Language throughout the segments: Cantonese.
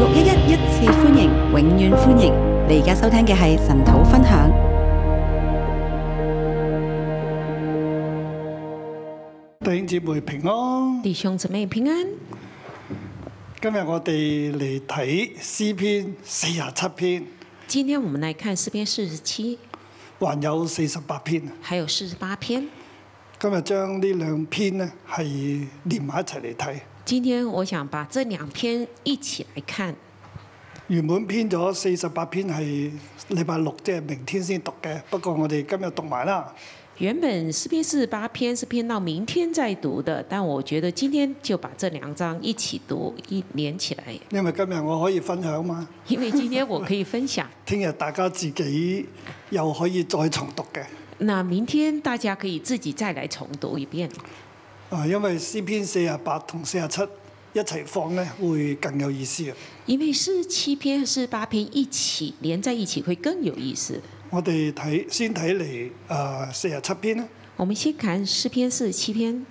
六一一一次歡迎，永遠歡迎！你而家收聽嘅係神土分享。弟兄姊妹平安，弟兄姊妹平安。今日我哋嚟睇詩篇四十七篇。今天我們來看詩篇四十七，還有四十八篇。還有四十八篇。今日將呢兩篇呢係連埋一齊嚟睇。今天我想把這兩篇一起來看。原本編咗四十八篇係禮拜六，即係明天先讀嘅。不過我哋今日讀埋啦。原本四篇四十八篇是編到明天再讀的，但我覺得今天就把這兩章一起讀，一連起來。因為今日我可以分享嘛。因為今天我可以分享。聽日大家自己又可以再重讀嘅。那明天大家可以自己再來重讀一遍。啊，因為詩篇四十八同四十七一齊放咧，會更有意思啊！因為四十七篇四十八篇，一起連在一起，會更有意思。我哋睇先睇嚟，誒四十七篇啦。我們先看詩篇四十七篇。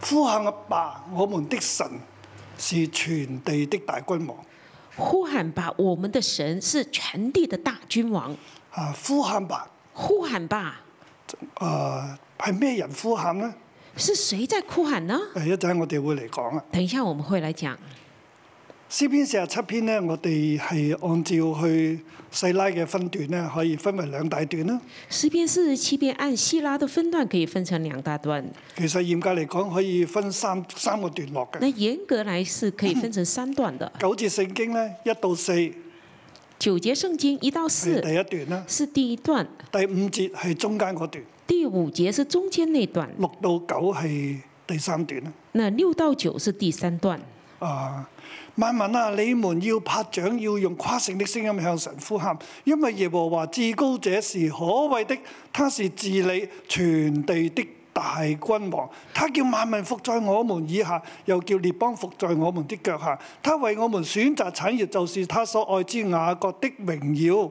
呼喊阿爸，我們的神是全地的大君王。呼喊吧，我們的神是全地的大君王。啊！呼喊吧！呼喊吧！啊、呃，係咩人呼喊呢？是誰在呼喊呢？一陣我哋會嚟講啊！等一下我們會嚟講。詩篇四十七篇呢，我哋係按照去細拉嘅分段呢，可以分為兩大段啦，啊。詩篇四十七篇按細拉嘅分段可以分成兩大段。其實嚴格嚟講，可以分三三個段落嘅。那嚴格嚟，是可以分成三段的。 九節聖經呢，一到四。九節聖經一到四第一段呢，是第一段，第五節係中間嗰段，第五節是中間那段，六到九係第三段啦。那六到九是第三段。啊，萬民啊，你們要拍掌，要用誇勝的聲音向神呼喊，因為耶和華至高者是可畏的，他是治理全地的。大君王，他叫萬民服在我們以下，又叫列邦服在我們的腳下。他為我們選擇產業，就是他所愛之雅各的榮耀。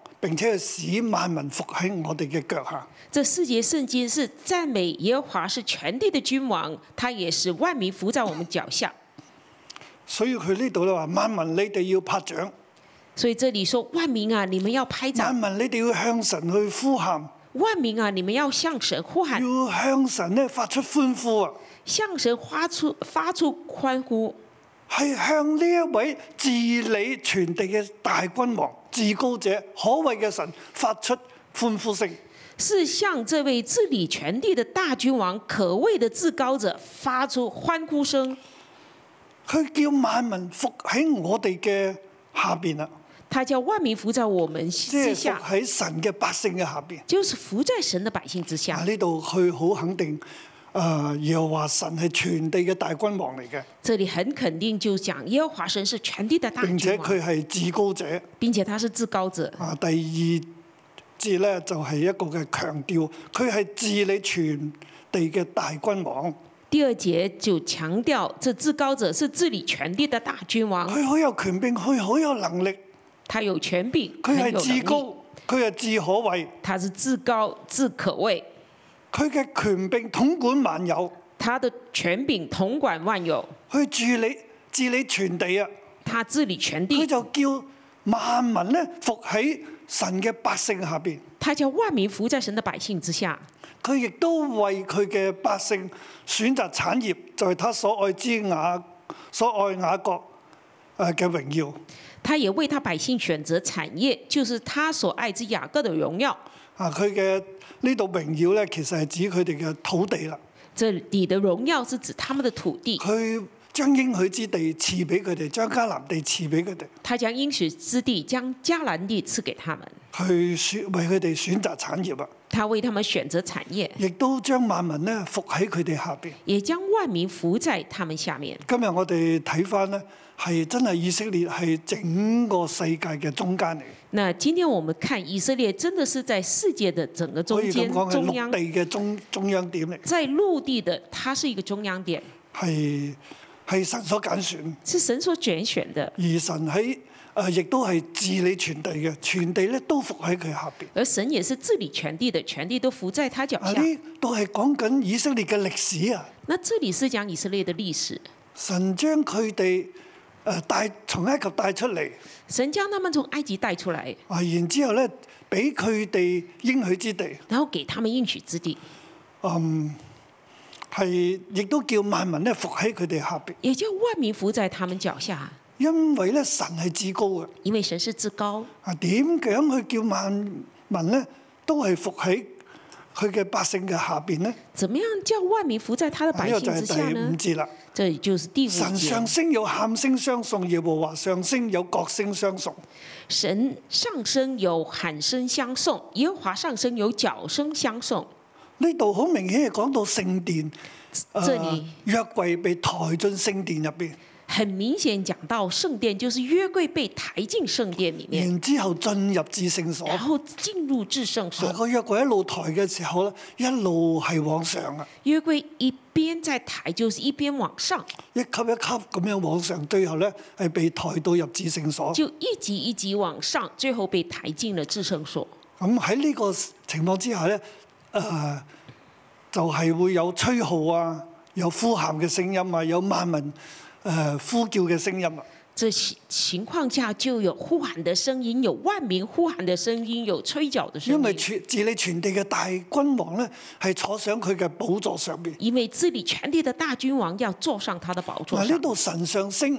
並且使萬民伏喺我哋嘅腳下。這四節聖經是讚美耶和華是全地的君王，他也是萬民伏在我們腳下。所以佢呢度咧話，萬民你哋要拍掌。所以這裡說萬民啊，你們要拍掌。萬民你哋要向神去呼喊。萬民啊，你們要向神呼喊。要向神咧發出歡呼啊！向神發出發出歡呼。係向呢一位治理全地嘅大君王、至高者、可畏嘅神，發出歡呼聲。是向這位治理全地的大君王、可畏的至高者，發出歡呼聲。佢叫萬民服喺我哋嘅下邊啦。他叫萬民服在我們之下。即係服喺神嘅百姓嘅下邊。就是服在神的百姓之下。呢度佢好肯定。誒，耶和華神係全地嘅大君王嚟嘅。這裡很肯定，就講耶和華神是全地嘅大君王。並且佢係至高者。並且他是至高者。啊，第二節咧就係一個嘅強調，佢係治理全地嘅大君王。第二節就強調，這至高者是治理全地嘅大君王。佢好有權柄，佢好有能力。他有權柄，佢係至高，佢係至可畏。他是至高、至可畏。佢嘅權柄統管萬有，他的權柄統管萬有，去治理治理全地啊。他治理全地，佢就叫萬民咧服喺神嘅百姓下面。他叫萬民服在神嘅百姓之下。佢亦都為佢嘅百姓選擇產業，就係他所愛之雅所愛雅各誒嘅榮耀。他也為他百姓選擇產業，就是他所愛之雅各的榮耀。啊！佢嘅呢度榮耀咧，其實係指佢哋嘅土地啦。這你嘅榮耀是指他們嘅土地。佢將應許之地賜俾佢哋，將迦南地賜俾佢哋。他將應許之地將迦南地賜給他們。去選，為佢哋選擇產業啊！他為他們選擇產業。亦都將萬民咧伏喺佢哋下邊。也將萬民服在他們下面。今日我哋睇翻呢，係真係以色列係整個世界嘅中間嚟。那今天我們看以色列真的是在世界的整個中間，中央地嘅中，中央點，咧，在陸地的，它是一個中央點，係係神所揀選，是神所揀選的。而神喺誒，亦都係治理全地嘅，全地咧都伏喺佢下邊，而神也是治理全地的，全地都伏在他腳下。呢都係講緊以色列嘅歷史啊。那這裏是講以色列的歷史。神將佢哋。誒帶從埃及帶出嚟，神將他們從埃及帶出嚟。誒然之後咧，俾佢哋應許之地，然後給他們應許之地。嗯，係亦都叫萬民咧服喺佢哋下邊，也叫萬民伏在他們腳下。因為咧，神係至高嘅，因為神是至高。啊，點樣去叫萬民咧都係服喺佢嘅百姓嘅下邊呢，怎麼樣叫萬民服在他的百姓之下呢？就、這個、就是第五節啦。神上升有喊聲相送，耶和華上升有角聲相送。神上升有喊聲相送，耶和華上升有角聲相送。呢度好明顯係講到聖殿，呃、這裏約櫃被抬進聖殿入邊。很明顯講到聖殿，就是約櫃被抬進聖殿裡面，然之後進入至聖所，然後進入至聖所。兩個約櫃一路抬嘅時候咧，一路係往上啊。約櫃一邊在抬，就是一邊往上，一級一級咁樣往上，最後咧係被抬到入至聖所，就一級一級往上，最後被抬進了至聖所。咁喺呢個情況之下咧，誒、呃，就係、是、會有吹號啊，有呼喊嘅聲音啊，有萬民。呃、呼叫嘅聲音啊！這情情況下就有呼喊嘅聲音，有萬民呼喊嘅聲音，有吹角的聲音。因為治理全地嘅大君王咧，係坐上佢嘅寶座上邊。因為治理全地嘅大君王要坐上他的寶座。呢度神上升，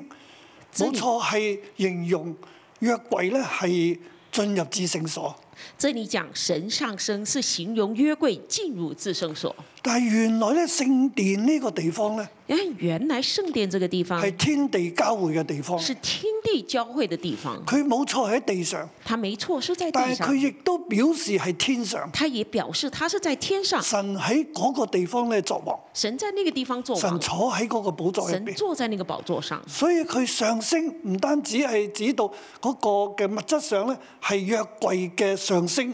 冇錯係形容約櫃咧係進入至聖所。這裡講神上升，是形容約櫃進入至聖所。但係原來咧聖殿呢個地方咧，原原來聖殿這個地方係天地交匯嘅地方，是天地交匯嘅地方。佢冇錯喺地上，他沒錯是在地上，但係佢亦都表示係天上，他也表示他是在天上。神喺嗰個地方咧作王，神在那個地方作王，神坐喺嗰個寶座入邊，神坐在那個寶座上。所以佢上升唔單止係指到嗰個嘅物質上咧，係約櫃嘅上升。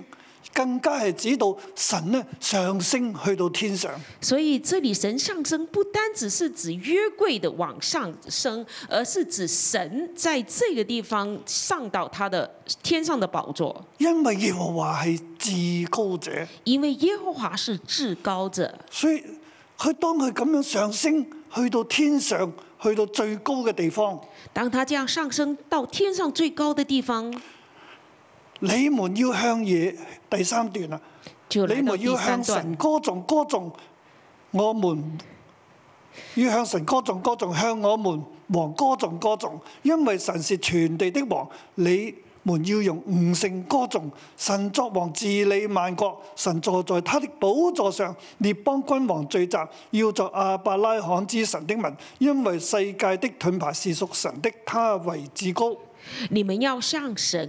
更加係指到神咧上升去到天上。所以這裏神上升不單只是指約櫃的往上升，而是指神在這個地方上到他的天上的寶座。因為耶和華係至高者。因為耶和華是至高者。所以佢當佢咁樣上升去到天上，去到最高嘅地方。當他這樣上升到天上最高的地方。你們要向野第三段啦，你們要向神歌頌，歌頌，我們要向神歌頌，歌頌，向我們王歌頌，歌頌，因為神是全地的王。你們要用悟性歌頌，神作王治理萬國，神坐在他的寶座上，列邦君王聚集，要作阿伯拉罕之神的民。因為世界的盾牌是屬神的，他為至高。你們要向神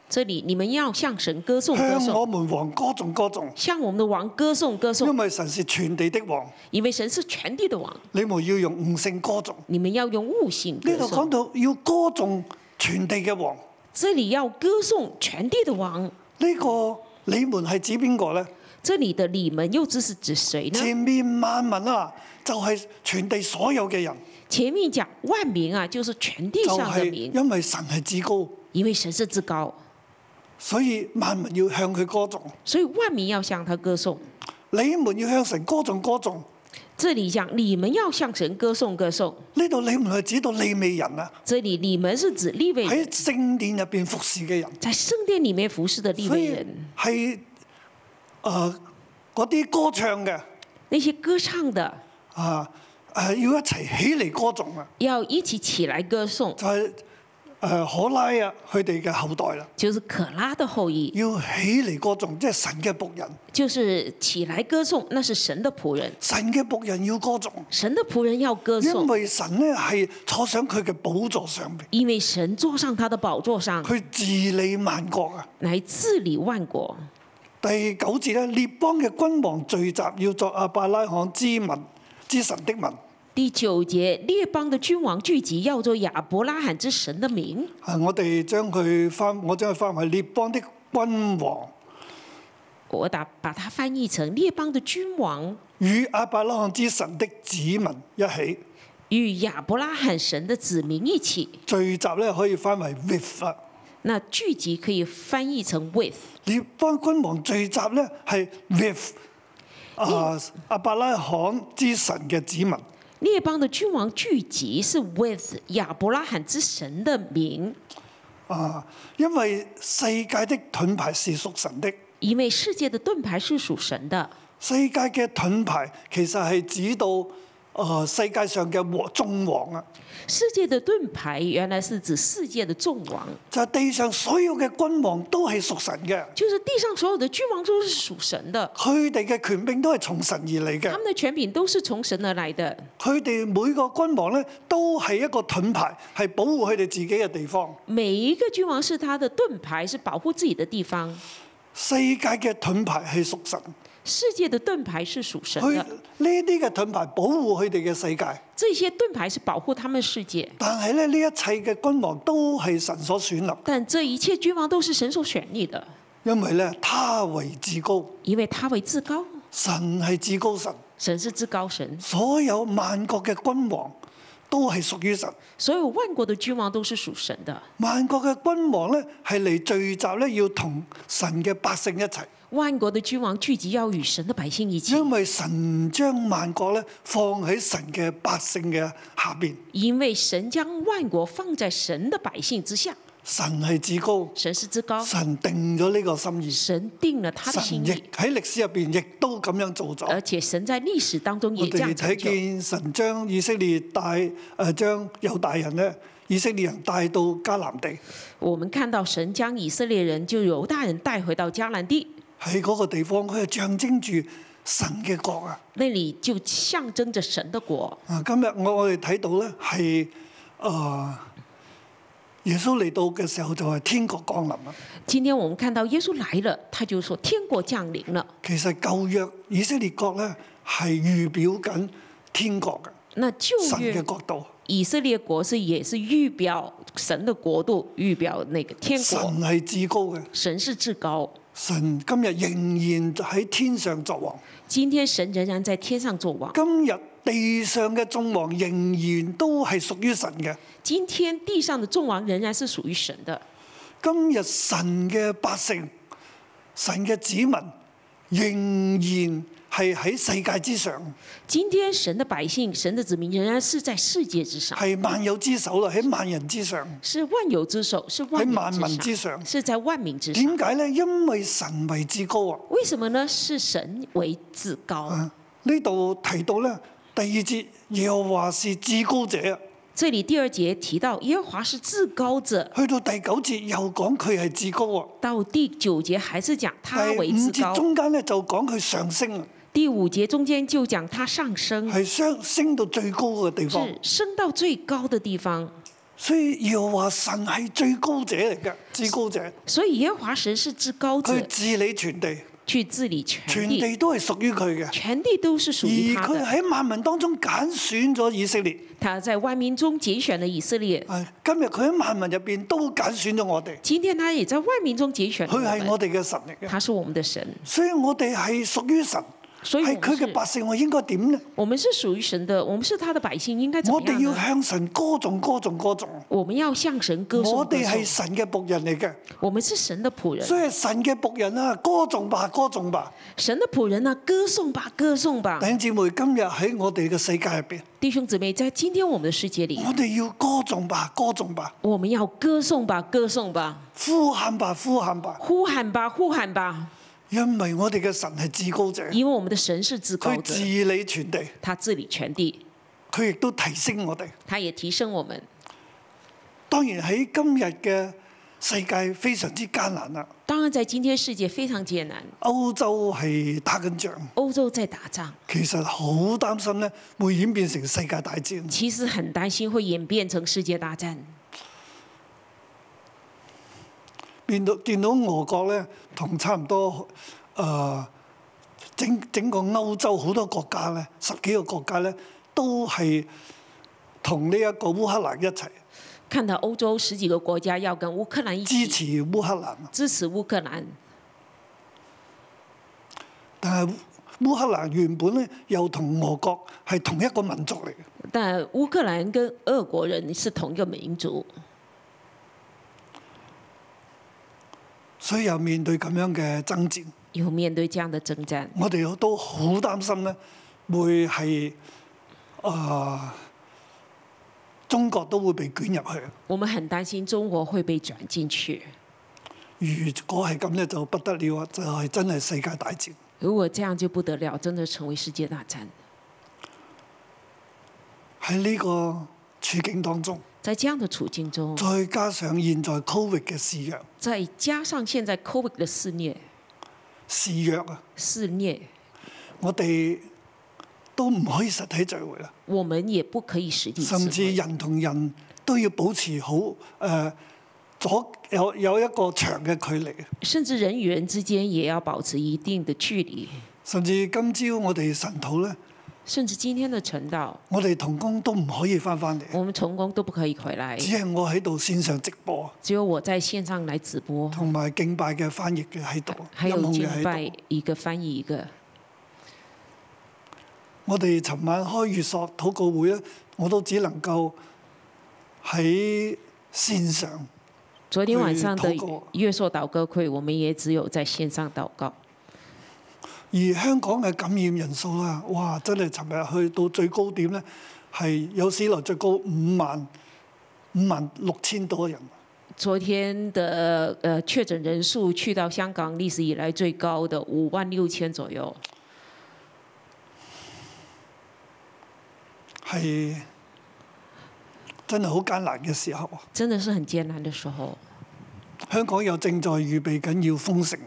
這裡你們要向神歌頌，歌頌，向我們王歌頌歌頌，向我們的王歌頌歌頌，因為神是全地的王。因為神是全地的王。你們要用悟性歌頌，你們要用悟性。呢度講到要歌頌全地嘅王。這裡要歌頌全地的王。呢、這個你們係指邊個呢？這裡的你們又知是指誰呢？前面萬民啊，就係全地所有嘅人。前面講萬民啊，就是全地上的民。就是，因為神係至高。因為神是至高。所以萬民要向佢歌頌，所以萬民要向他歌頌，你們要向神歌頌歌頌。這裡講你們要向神歌頌歌頌。呢度你們係指到利未人啊。這裡你們是指利未人喺聖殿入邊服侍嘅人，喺聖殿裡面服侍嘅利未人係，誒嗰啲歌唱嘅，呢、呃、些歌唱嘅，啊、呃，係要一齊起嚟歌頌啊，要一起起來歌頌。誒可拉啊，佢哋嘅後代啦，就是可拉的後裔，要起嚟歌頌，即係神嘅僕人，就是起來歌頌，那是神嘅僕人，神嘅僕人要歌頌，神嘅僕人要歌頌，因為神呢係坐上佢嘅寶座上面，因為神坐上他的寶座上，佢治理萬國啊，來治理萬國。第九節咧，列邦嘅君王聚集，要作阿伯拉罕之民，之神的民。第九節，列邦嘅君王聚集，要作亞伯拉罕之神嘅名。係我哋將佢翻，我將佢翻為列邦的君王。我答，把它翻譯成列邦的君王。與亞伯拉罕之神的子民一起，與亞伯拉罕神的子民一起。聚集咧可以翻為 with。那聚集可以翻譯成 with。列邦君王聚集咧係 with 阿阿伯拉罕之神嘅子民。列邦的君王聚集是 with 亞伯拉罕之神的名。啊，因為世界的盾牌是屬神的。因為世界的盾牌是屬神的。世界嘅盾牌其實係指到。誒，世界上嘅王眾王啊！世界的盾牌原來是指世界的眾王。就係地上所有嘅君王都係屬神嘅。就是地上所有的君王都是屬神的。佢哋嘅權柄都係從神而嚟嘅。他們的權柄都是從神而來的。佢哋每個君王咧，都係一個盾牌，係保護佢哋自己嘅地方。每一個君王是他的盾牌，是保護自己的地方。世界嘅盾牌係屬神。世界的盾牌是屬神的，呢啲嘅盾牌保護佢哋嘅世界。這些盾牌是保護他們的世界。但係咧，呢一切嘅君王都係神所選立。但這一切君王都是神所選立的。因為咧，他為至高。因為他為至高。神係至高神。神是至高神。所有萬國嘅君王都係屬於神。所有萬國嘅君王都是屬神的。萬國嘅君王咧，係嚟聚集咧，要同神嘅百姓一齊。萬國的君王聚集，要與神的百姓一起。因為神將萬國呢放喺神嘅百姓嘅下邊。因為神將萬國放在神嘅百姓之下。神係至高。神是至高。神定咗呢個心意。神定咗他嘅心意。喺歷史入邊亦都咁樣做咗。而且神在歷史當中亦這樣成就。我哋睇見神將以色列帶誒，將猶大人呢、以色列人帶到迦南地。我們看到神將以色列人就猶大人帶回到迦南地。喺嗰個地方，佢係象徵住神嘅國啊！那裏就象徵着神的國。啊，今日我哋睇到咧，係啊，耶穌嚟到嘅時候就係天國降臨啦。今天我們看到耶穌來了，他就說天國降臨了。其實舊約以色列國咧係預表緊天國嘅。那舊約神嘅國度，以色列國是也是預表神的國度，預表那個天國。神係至高嘅。神是至高。神今日仍然喺天上作王。今天神仍然在天上作王。今日地上嘅眾王仍然都係屬於神嘅。今天地上的眾王仍然是屬於神嘅。今日神嘅百姓、神嘅子民仍然。係喺世界之上。今天神的百姓、神的子民仍然是在世界之上。係萬有之首啦，喺萬人之上。是萬有之首，是喺萬,萬民之上，是在萬民之上。點解呢？因為神為至高啊。為什麼呢？是神為至高。呢、啊、度提到呢，第二節耶和華是至高者。這裏第二節提到耶和華是至高者。去到第九節又講佢係至高，啊。到第九節還是講他為至高。中間咧就講佢上升。第五節中間就講他上升，係升升到最高嘅地方，是升到最高的地方。所以要話神係最高者嚟嘅，至高者。所以耶和華神是至高者，去治理全地，去治理全全地都係屬於佢嘅，全地都是屬於，是屬於佢。而佢喺萬民當中揀選咗以色列，他在萬民中揀選了以色列。今日佢喺萬民入邊都揀選咗我哋，今天他也在萬民中揀選我哋。佢係我哋嘅神嚟嘅，他是我們的神，所以我哋係屬於神。所以係佢嘅百姓，我應該點呢？我們是屬於神的，我們是他的百姓，應該點呢？我哋要向神歌頌、歌頌、歌頌。我們要向神歌頌、我哋係神嘅僕人嚟嘅。我們是神嘅僕人,人。所以神嘅僕人,人啊，歌頌吧，歌頌吧。神嘅僕人啊，歌頌吧，歌頌吧。弟兄姊妹，今日喺我哋嘅世界入邊。弟兄姊妹，在今天我們嘅世界裏。我哋要歌頌吧，歌頌吧。我們要歌頌吧，歌頌吧。呼喊吧，呼喊吧。呼喊吧，呼喊吧。因為我哋嘅神係至高者。因為我們的神是至高者。佢治理全地。他治理全地。佢亦都提升我哋。他也提升我們。當然喺今日嘅世界非常之艱難啦。當然在今天世界非常艱難。歐洲係打緊仗。歐洲在打仗。其實好擔心咧，會演變成世界大戰。其實很擔心會演變成世界大戰。見到見到俄國咧，同差唔多誒、呃、整整個歐洲好多國家咧，十幾個國家咧，都係同呢一個烏克蘭一齊。看到歐洲十幾個國家要跟烏克蘭一齊支持烏克蘭，支持烏克蘭。但係烏克蘭原本咧又同俄國係同一個民族嚟嘅。但係烏克蘭跟俄國人是同一個民族。所以又面對咁樣嘅爭戰，要面對這樣的爭戰。的戰我哋都好擔心咧，會係啊中國都會被捲入去。我們很擔心中國會被捲進去。如果係咁呢，就不得了啊！就係、是、真係世界大戰。如果這樣就不得了，真的成為世界大戰。喺呢個處境當中。在這樣的處境中，再加上現在 COVID 嘅肆虐，再加上現在 COVID 的肆虐，肆虐啊！肆虐，我哋都唔可以實體聚會啦。我們也不可以實體聚會。甚至人同人都要保持好誒、呃、左有有一個長嘅距離。甚至人與人之間也要保持一定的距離、嗯。甚至今朝我哋神徒咧。甚至今天的晨道，我哋同工都唔可以翻翻嚟。我們同工都不可以回來。只係我喺度線上直播。只有我在線上來直播。同埋敬拜嘅翻譯嘅喺度，音控敬拜，一個翻譯一個。我哋尋晚開月朔禱告會啊，我都只能夠喺線上去禱告。昨天晚上的月朔禱告會，我們也只有在線上禱告。而香港嘅感染人數啊，哇！真係尋日去到最高點咧，係有史來最高五萬五萬六千多人。昨天的呃確診人數去到香港歷史以來最高的五萬六千左右，係真係好艱難嘅時候啊！真的是很艱難嘅時候。香港又正在預備緊要封城。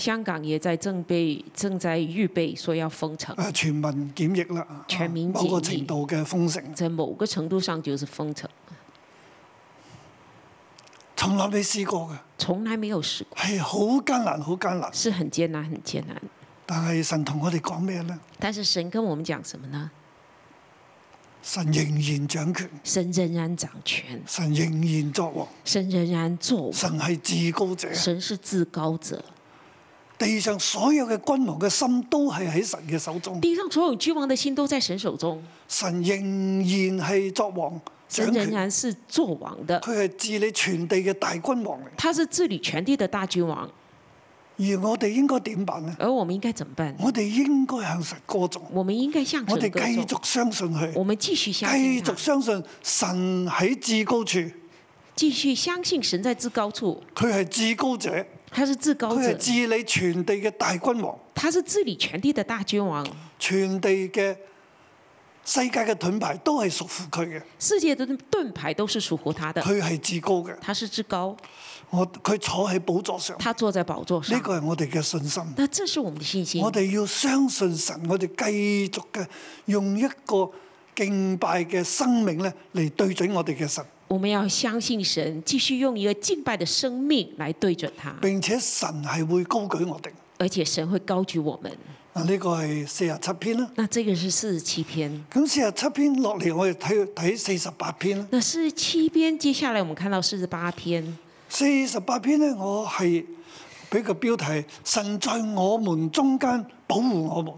香港也在正備，正在預備，說要封城。啊，全民檢疫啦！全民檢疫，某個程度嘅封城。在某個程度上，就是封城。從來未試過嘅。從來沒有試過。係好艱難，好艱難。是很艱難，很艱難。但係神同我哋講咩咧？但是神跟我們講什麼呢？神仍然掌權。神仍然掌權。神仍然作王。神仍然作王。神係至高者。神是至高者。地上所有嘅君王嘅心都係喺神嘅手中。地上所有君王嘅心都在神手中。神仍然係作王，神仍然是作王的。佢係治理全地嘅大君王。他是治理全地嘅大君王。而我哋應該點辦呢？而我們應該怎麼辦？我哋應該向神歌頌。我們應該向神歌頌。我哋繼續相信佢。我們繼續相信，繼續相信神喺至高處。繼續相信神在至高處。佢係至高者。他是至高，佢係治理全地嘅大君王。他是治理全地的大君王。全地嘅世界嘅盾牌都係屬乎佢嘅。世界的盾牌都是屬乎他的。佢係至高嘅。他是至高。我佢坐喺寶座上。他坐在寶座上。呢個係我哋嘅信心。那這是我們的信心。我哋要相信神，我哋繼續嘅用一個敬拜嘅生命咧，嚟對準我哋嘅神。我們要相信神，繼續用一個敬拜的生命來對準他，並且神係會高舉我哋，而且神會高舉我們。那、這、呢個係四十七篇啦。那這個是四十七篇。咁四十七篇落嚟，我哋睇睇四十八篇啦。那四十七篇，接下來我們看到四十八篇。四十八篇呢，我係俾個標題：神在我們中間保護我們。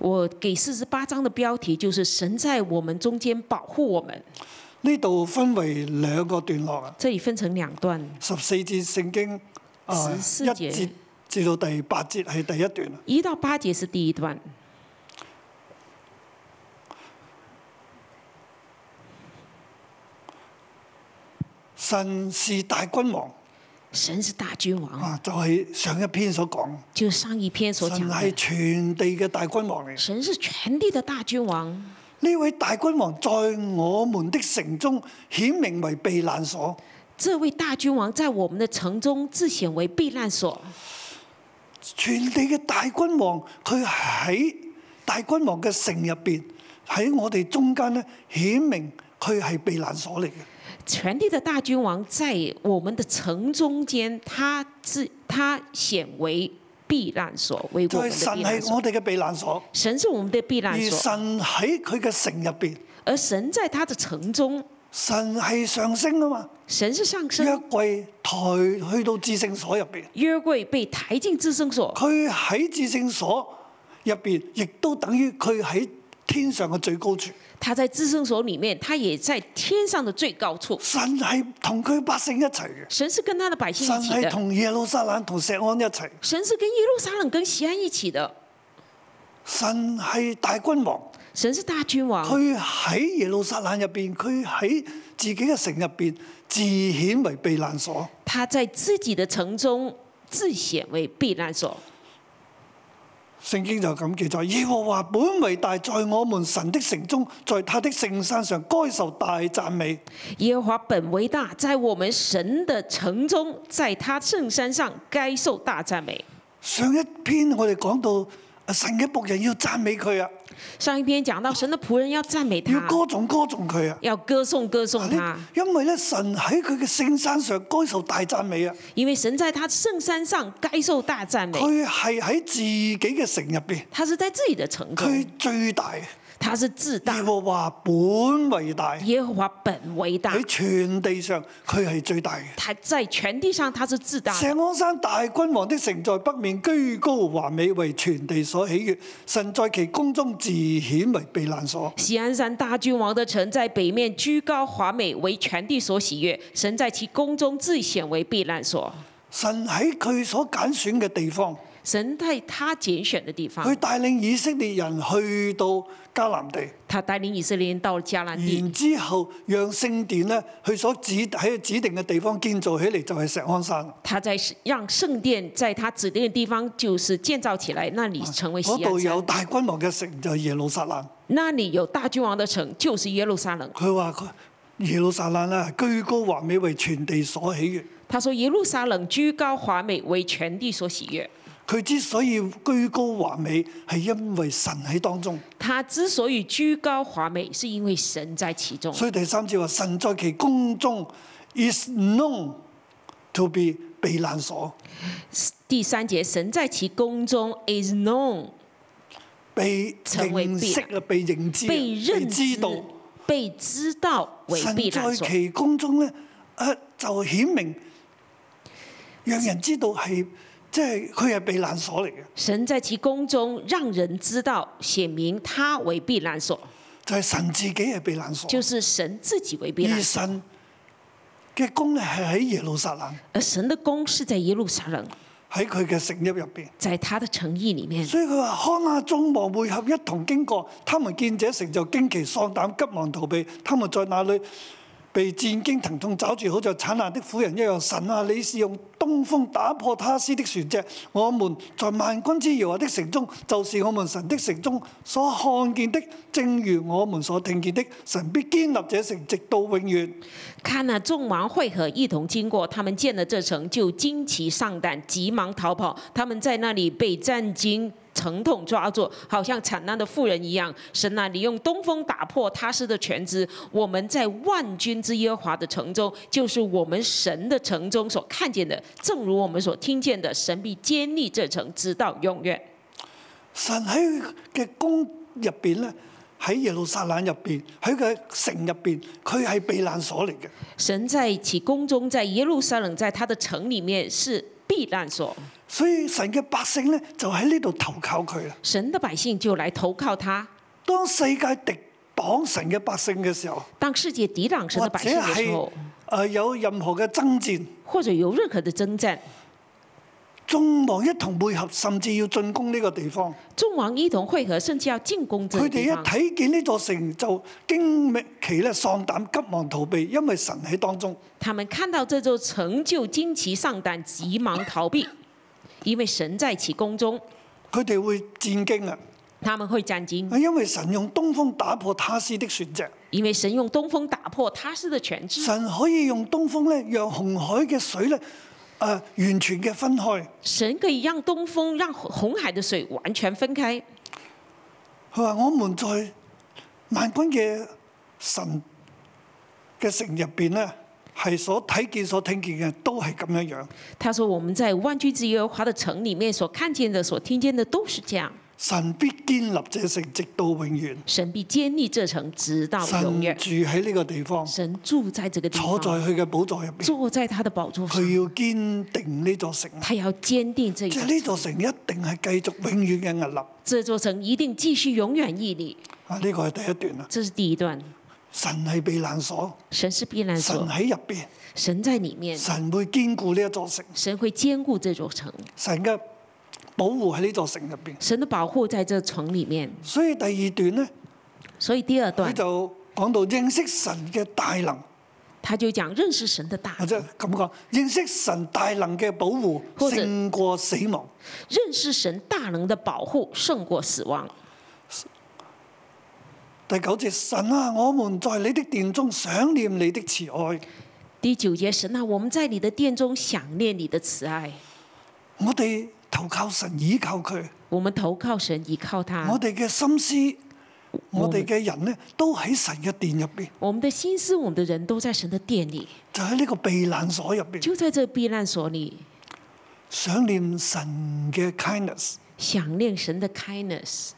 我給四十八章的標題就是“神在我們中間保護我們”。呢度分為兩個段落啊！即係分成兩段。十四節聖經，十、呃、四節至到第八節係第一段，啊。一到八節是第一段。神是大君王。神是大君王啊！就係、是、上一篇所講。就上一篇所講。神係全地嘅大君王嚟。神是全地的大君王。呢位大君王在我們的城中顯明為避難所。這位大君王在我們的城中自顯為避難所。全地嘅大君王，佢喺大君王嘅城入邊喺我哋中間咧，顯明佢係避難所嚟嘅。全地嘅大君王在我們的城中間，他自他顯為。避難所，為我的，就是，神係我哋嘅避難所。神是我哋的避難所。而神喺佢嘅城入邊。而神在它嘅城中。神係上升啊嘛，神是上升。約櫃抬去到至聖所入邊。約櫃被抬進至聖所。佢喺至聖所入邊，亦都等於佢喺天上嘅最高處。他在自聖所裏面，他也在天上的最高處。神係同佢百姓一齊嘅。神是跟他的百姓一起的。神係同耶路撒冷同錫安一齊。神是跟耶路撒冷跟錫安一起的。神係大君王。神是大君王。佢喺耶路撒冷入邊，佢喺自己嘅城入邊自顯為避難所。他在自己嘅城中自顯為避難所。聖經就咁記載：耶和華本為大，在我們神的城中，在他的聖山上，該受大讚美。耶和華本為大，在我們神的城中，在他聖山上，該受大讚美。上一篇我哋講到。神嘅僕人要讚美佢啊！上一篇講到神嘅僕人要讚美他，要歌頌歌頌佢啊！要歌頌歌頌他、啊啊，因為咧神喺佢嘅聖山上該受大讚美啊！因為神在他聖山上該受大讚美，佢係喺自己嘅城入邊，他是在自己的城中，佢最大。他是自大。耶和華本為大。耶和華本為大。喺全地上佢係最大嘅。他在全地上他是自大。錫安山大君王的城在北面居高華美為全地所喜悅，神在其宮中自顯為避難所。錫安山大君王的城在北面居高華美為全地所喜悅，神在其宮中自顯為避難所。神喺佢所揀選嘅地方。神係他揀選嘅地方。佢帶領以色列人去到。迦南地，他帶領以色列人到迦南地，然之後讓聖殿咧，佢所指喺指定嘅地方建造起嚟就係錫安山。他在讓聖殿在他指定嘅地方就是建造起來，那裡成為。嗰度有大君王嘅城就係耶路撒冷。那裡有大君王嘅城就是耶路撒冷。佢話：耶路撒冷啊，居高華美為全地所喜悅。他說，耶路撒冷，居高華美為全地所喜悅。佢之所以居高華美，係因為神喺當中。他之所以居高華美，係因為神在其中。所以第三節，話神在其宮中 is known to be 避難所。第三節神在其宮中 is known 被認識啊，被認知、被認知、被知道、被知道為避難所。神在其宮中咧，啊就顯明，讓人知道係。即係佢係避難所嚟嘅。神在其宮中讓人知道顯明他為避難所。就係神自己係避難所。就是神自己為避難。而神嘅宮咧係喺耶路撒冷，而神的宮是在耶路撒冷，喺佢嘅聖約入邊，在他的誠意裡面。所以佢話，看哪眾王會合一同經過，他們見這城就驚奇喪膽，急忙逃避，他們在那裡被戰兢疼痛抓住，好似產難的婦人一樣。神啊，你是用東風打破他施的船隻。我們在萬軍之耶和華的城中，就是我們神的城中所看見的，正如我們所聽見的，神必堅立這城直到永遠。看哪，眾王會合一同經過，他們見了這城，就驚奇喪膽，急忙逃跑。他們在那裡被戰兢。疼痛抓住，好像產難的婦人一樣。神啊，你用東風打破他施的船隻。我們在萬軍之耶和華的城中，就是我們神的城中所看見的，正如我們所聽見的，神必堅立這城，直到永遠。神喺嘅宮入邊呢，喺耶路撒冷入邊，喺佢嘅城入邊，佢係避難所嚟嘅。神在其宮中，在耶路撒冷，在他的城裏面是。避難所，所以神嘅百姓呢，就喺呢度投靠佢啦。神的百姓就來投靠他。當世界敵擋神嘅百姓嘅時候，當世界敵擋神嘅百姓的時候，誒，有任何嘅爭戰，或者有任何嘅爭戰。眾王一同會合，甚至要進攻呢個地方。眾王一同會合，甚至要進攻。佢哋一睇見呢座城就驚奇咧，喪膽急忙逃避，因為神喺當中。他們看到這座城就驚奇喪膽，急忙逃避，因為神在其宮中。佢哋會戰驚啊！他們會戰驚。係因為神用東風打破他斯的船隻。因為神用東風打破他斯的船隻。神可以用東風咧，讓紅海嘅水咧。誒、呃、完全嘅分開，神可以讓東風，讓紅海的水完全分開。佢話我們在萬軍嘅神嘅城入邊咧，係所睇見所聽見嘅都係咁樣樣。他說我們在萬軍之耶和華的城裏面所看見的、所聽見的都是這樣。神必建立這城直到永遠。神必建立這城直到永遠。住喺呢個地方。神住在這個地方。坐在佢嘅寶座入邊。坐在他的寶座上。佢要堅定呢座城。他要堅定這。即係呢座城一定係繼續永遠嘅屹立。這座城一定繼續永遠屹立。啊，呢個係第一段啦。這是第一段。神係避難所。神是避難所。神喺入邊。神在裏面。神會堅固呢一座城。神會堅固這座城。神嘅。保護喺呢座城入邊，神的保護在這個城裏面。所以第二段呢，所以第二段就講到認識神嘅大能。他就講認識神嘅大能，或者咁講，認識神大能嘅保護勝過死亡。認識神大能嘅保護勝過死亡。第九節，神啊，我們在你的殿中想念你的慈愛。第九節，神啊，我們在你的殿中想念你的慈愛。我哋。投靠神，依靠佢；我們投靠神，倚靠他。我哋嘅心思，我哋嘅人呢，都喺神嘅殿入邊。我們的心思，我們的人都在神的殿裏，裏，就喺呢個避難所入邊，就在這避難所裏。想念神嘅 kindness，想念神的 kindness。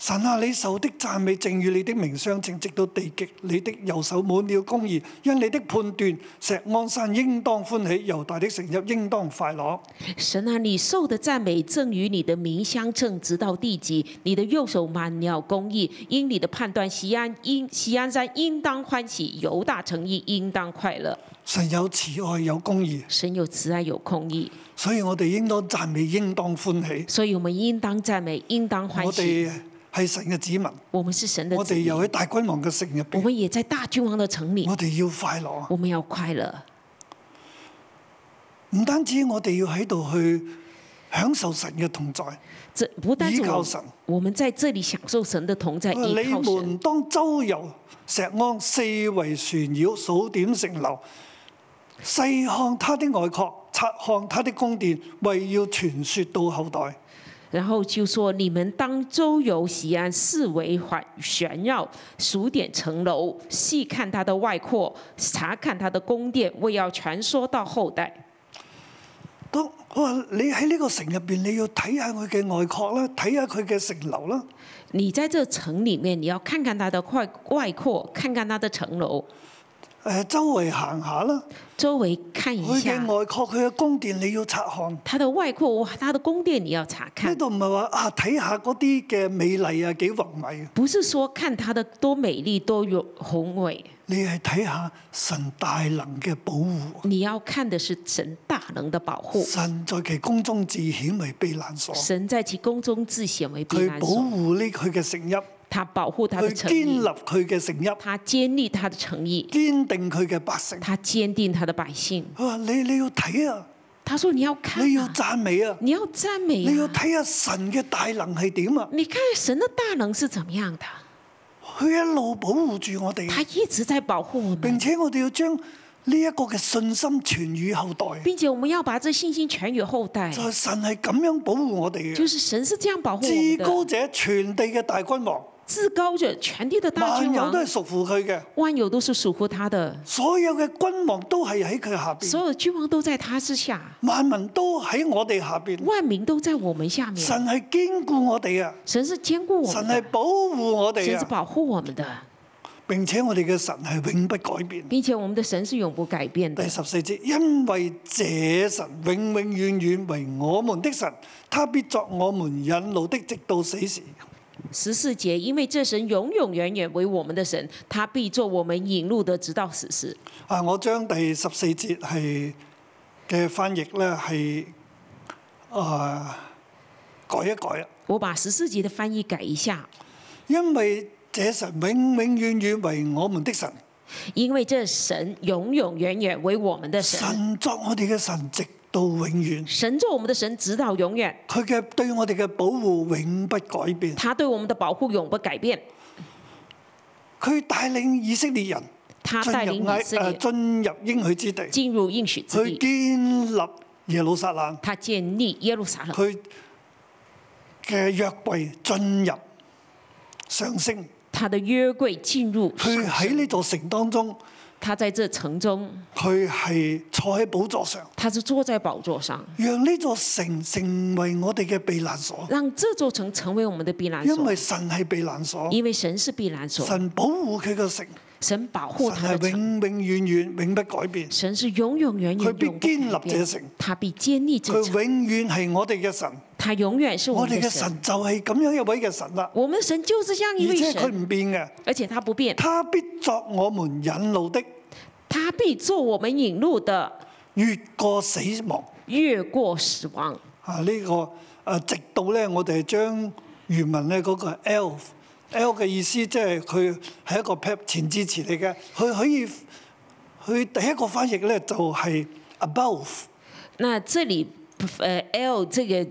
神啊，你受的讚美正與你的名相稱，直到地極；你的右手滿了公義，因你的判斷，錫安山應當歡喜，猶大的城邑，應當快樂。神啊，你受的讚美正與你的名相稱，直到地極；你的右手滿了公義，因你的判斷，錫安應錫安山應當歡喜，猶大城邑，應當快樂。神有慈愛，有公義。神有慈愛，有公義。所以我哋應當讚美，應當歡喜。所以我哋應當讚美，應當歡喜。我哋。係神嘅子民，我哋又喺大君王嘅城入邊，我哋也在大君王嘅城裏。我哋要快樂，我們要快樂。唔單止我哋要喺度去享受神嘅同在，這唔單止我，靠神我們在這裏享受神嘅同在。你們當周遊錫安四圍旋，旋繞數點城樓，細看他的外郭，察看他的宮殿，為要傳說到後代。然後就說：你們當周遊錫安，四圍環旋繞，數點城樓，細看它的外廓，查看它的宮殿，我要傳說到後代。我我話你喺呢個城入邊，你要睇下佢嘅外廓啦，睇下佢嘅城樓啦。你在這城裏面，你要看看它的外外廓，看看它的城樓。誒，周圍行下啦。周圍看一下。佢嘅外廓，佢嘅宮殿，你要察看。它的外廓，它的宮殿，你要查看。呢度唔係話啊，睇下嗰啲嘅美麗啊，幾宏偉。不是說看它的多美麗多宏偉。你係睇下神大能嘅保護。你要看的是神大能嘅保護。神在其宮中自顯為避難所。神在其宮中自顯為避難所。去保護呢，佢嘅城邑。他保護他的誠意，他堅立他的誠意，堅定佢嘅百姓，他堅定他的百姓。哇，你你要睇啊！他說你要看。啊，你要讚美啊，你要讚美。啊，你要睇下神嘅大能係點啊！你看神嘅大能是怎麼樣，、啊、樣的？佢一路保護住我哋，他一直在保護我們，並且我哋要將呢一個嘅信心傳予後代，並且我們要把這信心傳予後代。就係神係咁樣保護我哋嘅，就是神是這樣保護。至高者，全地嘅大君王。至高者全地的大君王，萬有都係屬乎佢嘅，萬有都是屬乎他的，所有嘅君王都係喺佢下邊，所有君王都在他之下，萬民都喺我哋下邊，萬民都在我們下面，神係堅固我哋啊，神是堅固我，神係保護我哋，神是保護我,我們的，並且我哋嘅神係永不改變，並且我們嘅神是永不改變的。第十四節，因為這神永永遠遠為我們的神，他必作我們引路的，直到死時。十四節，因為這神永永遠遠為我們的神，他必做我們引路的，直到死時。啊，我將第十四節係嘅翻譯咧係啊改一改啊。我把十四節的翻譯改一下。因為這神永永遠遠為我們的神，因為這神永永遠遠為我們的神，神作我哋嘅神職到永遠，神做我們的神，直到永遠。佢嘅對我哋嘅保護永不改變。他對我們的保護永不改變。佢帶領以色列人進入以色列，進入應許之地，進入應許之地，去建立耶路撒冷。他建立耶路撒冷。佢嘅約櫃進入上升。他的約櫃進入上升。佢喺呢座城當中。他在這城中，佢係坐喺寶座上。他是坐在寶座上，讓呢座城成為我哋嘅避難所。讓這座城成為我們的避難所，因為神係避難所。因為神是避難所，神保護佢個城，神保護佢。係永永遠遠，永不改變。神是永永遠遠，佢必建立這城，他必建立這城，佢永遠係我哋嘅神。他永遠是我哋嘅神，神就係咁樣一位嘅神啦。我們神就是這樣一位神，佢唔變嘅，而且他不變。他必作我們引路的，他必作我們引路的，越過死亡，越過死亡。啊，呢、這個啊，直到咧，我哋將原文咧嗰個 L，L 嘅意思即係佢係一個 pep 前置詞嚟嘅，佢可以佢第一個翻譯咧就係、是、above。那這裏誒、呃、L 這個。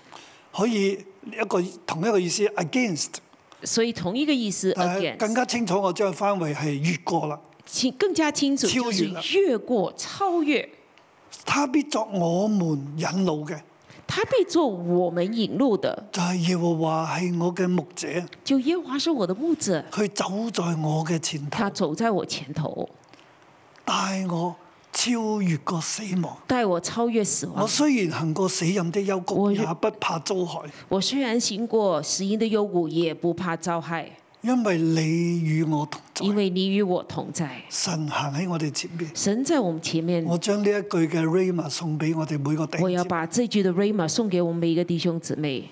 可以一個同一個意思 against，所以同一個意思。against。更加清楚，我將範圍係越過啦。清更加清楚就是越過超越。他必作我們引路嘅。他必作我們引路的。就係耶和華係我嘅牧者。就耶和華是我的牧者。佢走在我嘅前頭。他走在我前頭，帶我。超越過死亡，帶我超越死亡。我雖然行過死陰的幽谷，也不怕遭害。我雖然行過死陰的幽谷，也不怕遭害。因為你與我同在，因為你與我同在。神行喺我哋前面，神在我們前面。我將呢一句嘅 Rhema 送俾我哋每個弟兄。我要把這句嘅 Rhema 送給我們每個弟兄姊妹。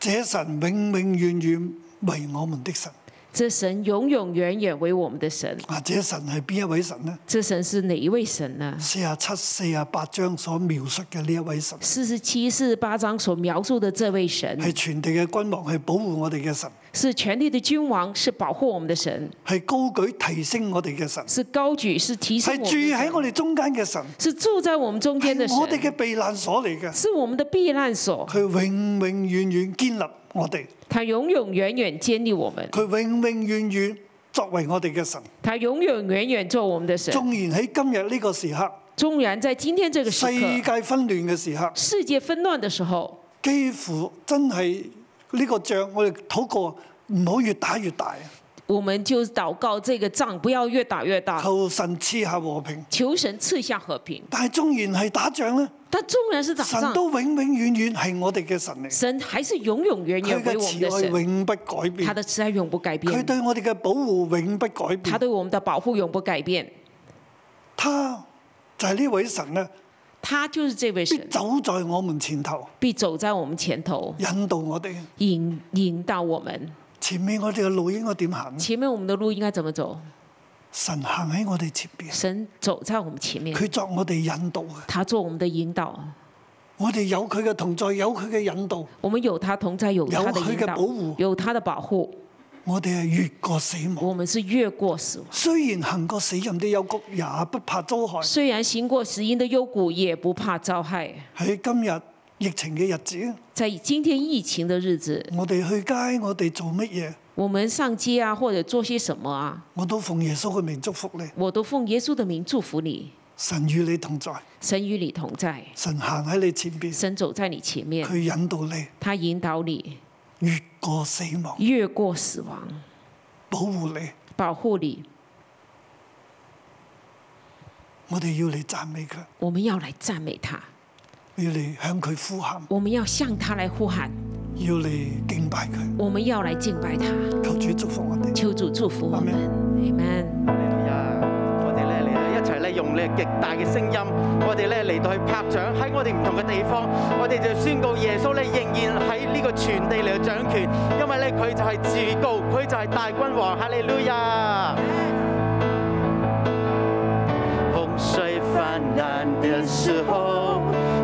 這神永永遠遠為我們的神。這神永永遠遠為我們的神。啊，這神係邊一位神呢？這神是哪一位神呢？四十七、四十八章所描述嘅呢一位神。四十七、四十八章所描述的這位神，係全地嘅君王，去保護我哋嘅神。是全地的君王，是保護我們的神。係高舉提升我哋嘅神。是高舉，是提升。係住喺我哋中間嘅神。是住在我們中間嘅神。我哋嘅避難所嚟嘅。是我們嘅避難所。佢永永遠遠建立我哋，他永永遠遠建立我們，佢永永遠遠作為我哋嘅神，他永永遠遠做我們的神。縱然喺今日呢個時刻，縱然在今天這個時刻，世界紛亂嘅時刻，世界紛亂的時候，幾乎真係呢個仗我哋禱告唔好越打越大，我們就禱告這個仗不要越打越大，求神賜下和平，求神賜下和平，但係縱然係打仗呢。但縱然是早上神都永永遠遠係我哋嘅神嚟。神還是永永遠遠，遠我們。佢嘅慈愛永不改變。他的慈愛永不改變。佢對我哋嘅保護永不改變。他對我們的保護永不改變。他就係呢位神咧。他就是這位神。走在我們前頭。必走在我們前頭。引導我哋。引引導我們。前面我哋嘅路應該點行？前面我們的路應該怎麼走？神行喺我哋前邊，神走在我們前面。佢作我哋引導嘅，他作我們的引導。我哋有佢嘅同在，有佢嘅引導。我們有他同在，有他的引導，有佢嘅保護，有他的保護。我哋係越過死亡，我們是越過死亡。雖然行過死蔭的幽谷，也不怕遭害。雖然行過死蔭的幽谷，也不怕遭害。喺今日疫情嘅日子，在今天疫情的日子，我哋去街，我哋做乜嘢？我們上街啊，或者做些什麼啊？我都奉耶穌嘅名祝福你。我都奉耶穌的名祝福你。神與你同在。神與你同在。神行喺你前面。神走在你前面。佢引導你。他引導你越過死亡。越過死亡，保護你。保護你。我哋要嚟讚美佢。我們要嚟讚美他。要嚟向佢呼喊。我們要向他嚟呼喊。要你敬拜佢，我們要來敬拜他。求主祝福我哋，求主祝福我們。你們，Amen，我哋咧一齊咧用咧極大嘅聲音，我哋咧嚟到去拍掌，喺我哋唔同嘅地方，我哋就宣告耶穌咧仍然喺呢個全地嚟掌權，因為咧佢就係至高，佢就係大君王，哈利路亞！洪水泛濫的時候。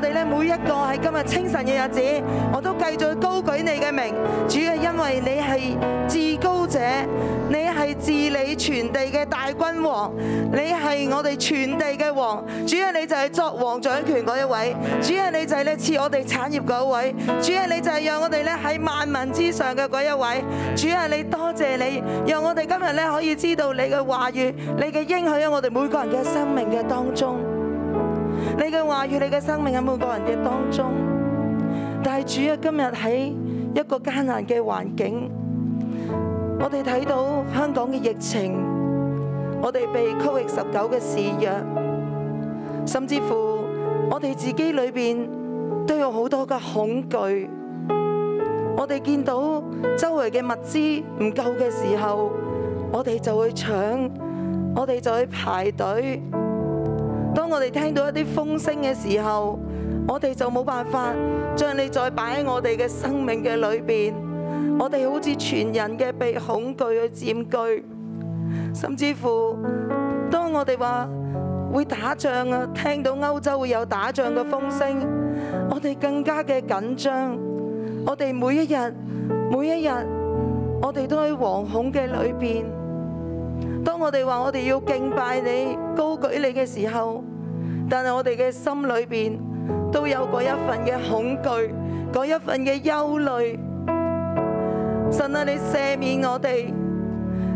我哋咧每一個喺今日清晨嘅日子，我都繼續高舉你嘅名，主啊，因為你係至高者，你係治理全地嘅大君王，你係我哋全地嘅王，主要你就係作王掌權嗰一位，主要你就係咧賜我哋產業嗰一位，主要你就係讓我哋咧喺萬民之上嘅嗰一位，主啊，你多謝你，讓我哋今日咧可以知道你嘅話語，你嘅應許喺我哋每個人嘅生命嘅當中。你嘅話語你嘅生命喺每個人嘅當中，但係主要今日喺一個艱難嘅環境，我哋睇到香港嘅疫情，我哋被 COVID-19 嘅肆虐，甚至乎我哋自己裏邊都有好多嘅恐懼。我哋見到周圍嘅物資唔夠嘅時候，我哋就會搶，我哋就會排隊。當我哋聽到一啲風聲嘅時候，我哋就冇辦法將你再擺喺我哋嘅生命嘅裏面。我哋好似全人嘅被恐懼去佔據，甚至乎當我哋話會打仗啊，聽到歐洲會有打仗嘅風聲，我哋更加嘅緊張。我哋每一日、每一日，我哋都喺惶恐嘅裏面。當我哋話我哋要敬拜你、高舉你嘅時候，但係我哋嘅心裏邊都有嗰一份嘅恐懼、嗰一份嘅憂慮。神啊，你赦免我哋，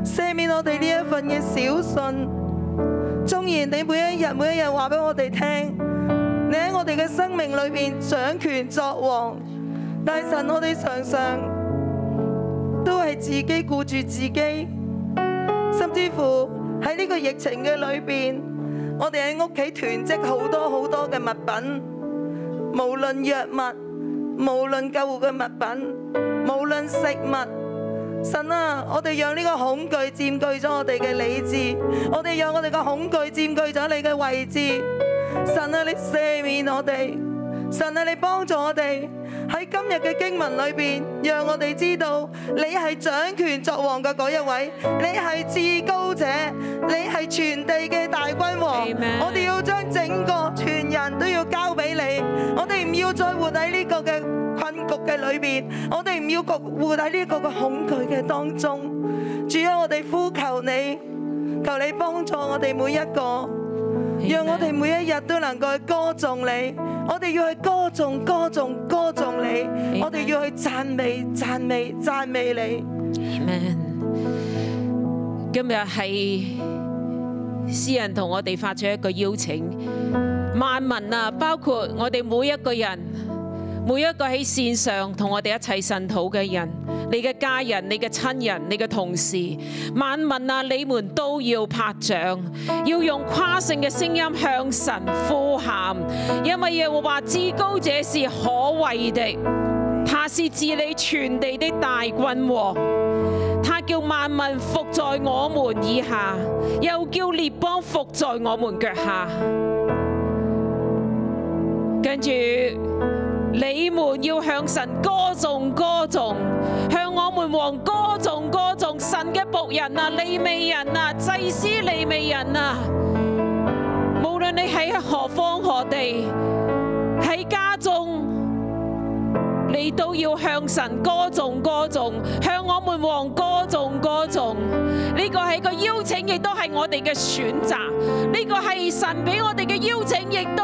赦免我哋呢一份嘅小信。縱然你每一日、每一日話俾我哋聽，你喺我哋嘅生命裏邊掌權作王，但神，我哋常常都係自己顧住自己。甚至乎喺呢個疫情嘅裏邊，我哋喺屋企囤積好多好多嘅物品，無論藥物，無論救護嘅物品，無論食物。神啊，我哋讓呢個恐懼佔據咗我哋嘅理智，我哋讓我哋嘅恐懼佔據咗你嘅位置。神啊，你赦免我哋，神啊，你幫助我哋。今日嘅經文裏邊，讓我哋知道你係掌權作王嘅嗰一位，你係至高者，你係全地嘅大君王。我哋要將整個全人都要交俾你，我哋唔要再活喺呢個嘅困局嘅裏邊，我哋唔要焗活喺呢個嘅恐懼嘅當中。主啊，我哋呼求你，求你幫助我哋每一個。讓我哋每一日都能夠去歌頌你，我哋要去歌頌、歌頌、歌頌你，我哋要去讚美、讚美、讚美你。amen。今日係詩人同我哋發出一個邀請，萬民啊，包括我哋每一個人。每一個喺線上同我哋一齊信討嘅人，你嘅家人、你嘅親人、你嘅同事，萬民啊，你們都要拍掌，要用誇勝嘅聲音向神呼喊，因為耶和華至高者是可畏的，他是治理全地的大君王，他叫萬民服在我們以下，又叫列邦服在我們腳下，跟住。你們要向神歌頌歌頌，向我們王歌頌歌頌，神嘅僕人啊，利未人啊，祭司利未人啊，無論你喺何方何地，在家你都要向神歌頌歌頌，向我們王歌頌歌頌。呢個係個邀請，亦都係我哋嘅選擇。呢個係神俾我哋嘅邀請，亦都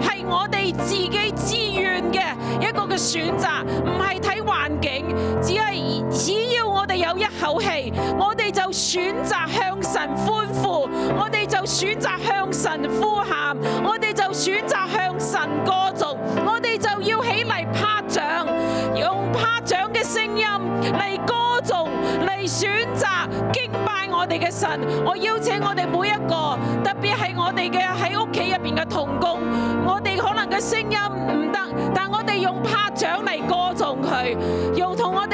係我哋自己自願嘅一個嘅選擇，唔係睇環境，只係只要我哋有一口氣，我哋就選擇向神歡呼，我哋就選擇向神呼喊，我哋就選擇向神。神，我邀請我哋每一個，特別係我哋嘅喺屋企入邊嘅童工，我哋可能嘅聲音唔得，但我哋用拍掌嚟歌頌佢，用同我。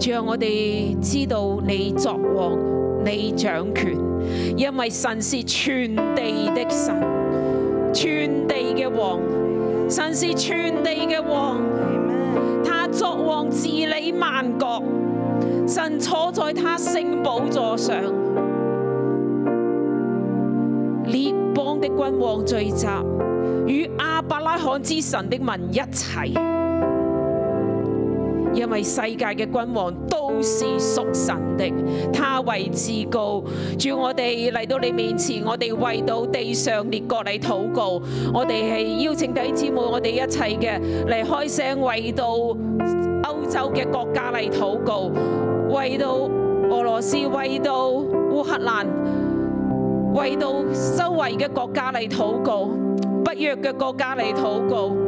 讓我哋知道你作王，你掌權，因為神是全地的神，全地嘅王，神是全地嘅王，他作王治理萬國，神坐在他聖寶座上，列邦的君王聚集，與亞伯拉罕之神的民一齊。因為世界嘅君王都是屬神的，他為至高。主，我哋嚟到你面前，我哋為到地上列國嚟禱告。我哋係邀請弟兄姊妹我們，我哋一齊嘅嚟開聲為到歐洲嘅國家嚟禱告，為到俄羅斯，為到烏克蘭，為到周圍嘅國家嚟禱告，北約嘅國家嚟禱告。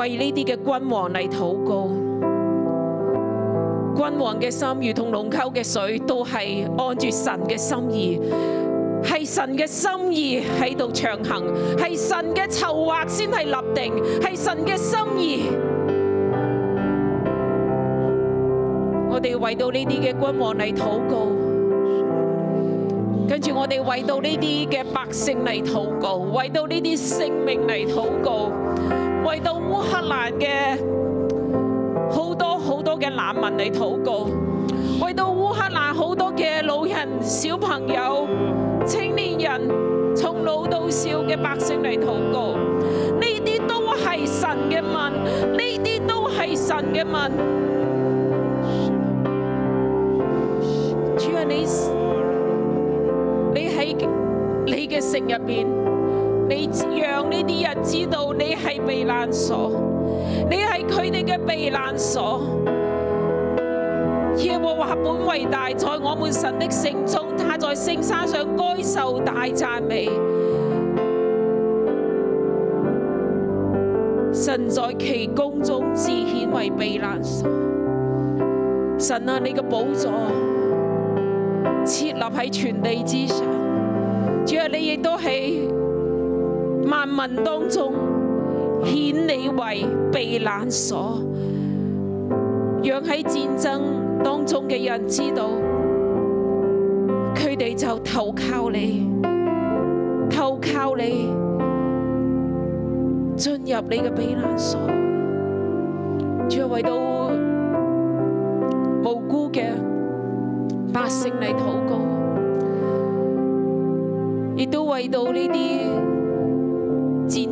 為呢啲嘅君王嚟禱告，君王嘅心如同龍溝嘅水，都係按住神嘅心意，係神嘅心意喺度暢行，係神嘅籌劃先係立定，係神嘅心意。我哋為到呢啲嘅君王嚟禱告，跟住我哋為到呢啲嘅百姓嚟禱告，為到呢啲性命嚟禱告。為到烏克蘭嘅好多好多嘅難民嚟禱告，為到烏克蘭好多嘅老人、小朋友、青年人，從老到少嘅百姓嚟禱告，呢啲都係神嘅民，呢啲都係神嘅民。主啊，你你喺你嘅城入邊，你讓。呢啲人知道你係避難所，你係佢哋嘅避難所。耶和華本為大，在我們神的聖中，他在聖山上該受大讚美。神在其宮中自顯為避難所。神啊，你嘅寶座設立喺全地之上，主啊，你亦都係。萬民當中顯你為避難所，讓喺戰爭當中嘅人知道，佢哋就投靠你，投靠你，進入你嘅避難所，就為到無辜嘅百姓嚟禱告，亦都為到呢啲。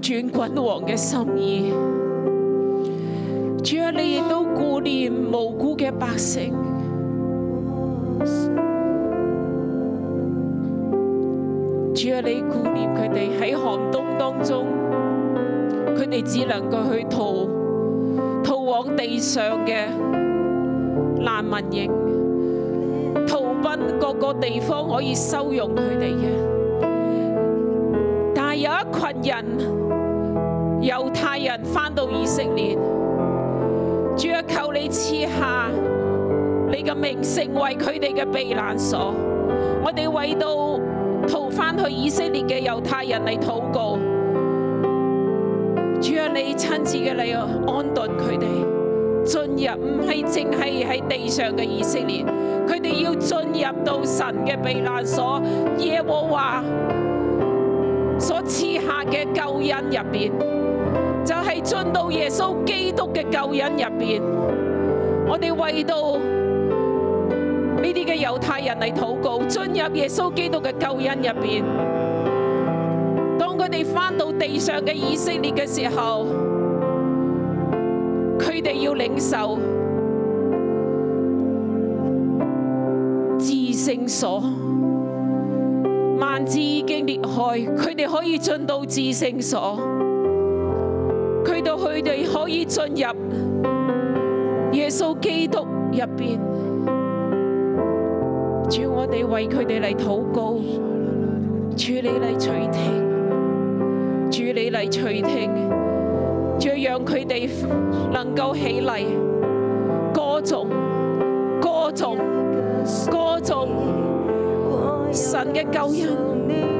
轉君王嘅心意，主啊，你亦都顧念無辜嘅百姓，主啊，你顧念佢哋喺寒冬當中，佢哋只能夠去逃逃往地上嘅難民營，逃奔各個地方可以收容佢哋嘅，但係有一群人。猶太人翻到以色列，主啊，求你賜下你嘅名，成為佢哋嘅避難所。我哋為到逃翻去以色列嘅猶太人嚟禱告，主啊，你親自嘅你安頓佢哋進入，唔係淨係喺地上嘅以色列，佢哋要進入到神嘅避難所，耶和華所賜下嘅救恩入邊。進到耶穌基督嘅救恩入邊，我哋為到呢啲嘅猶太人嚟禱告，進入耶穌基督嘅救恩入邊。當佢哋翻到地上嘅以色列嘅時候，佢哋要領受至聖所，幔子已經裂開，佢哋可以進到至聖所。佢到佢哋可以進入耶穌基督入邊，主我哋為佢哋嚟禱告，主你嚟垂聽，主你嚟垂聽，再讓佢哋能夠起嚟，歌頌，歌頌，歌頌神嘅救恩。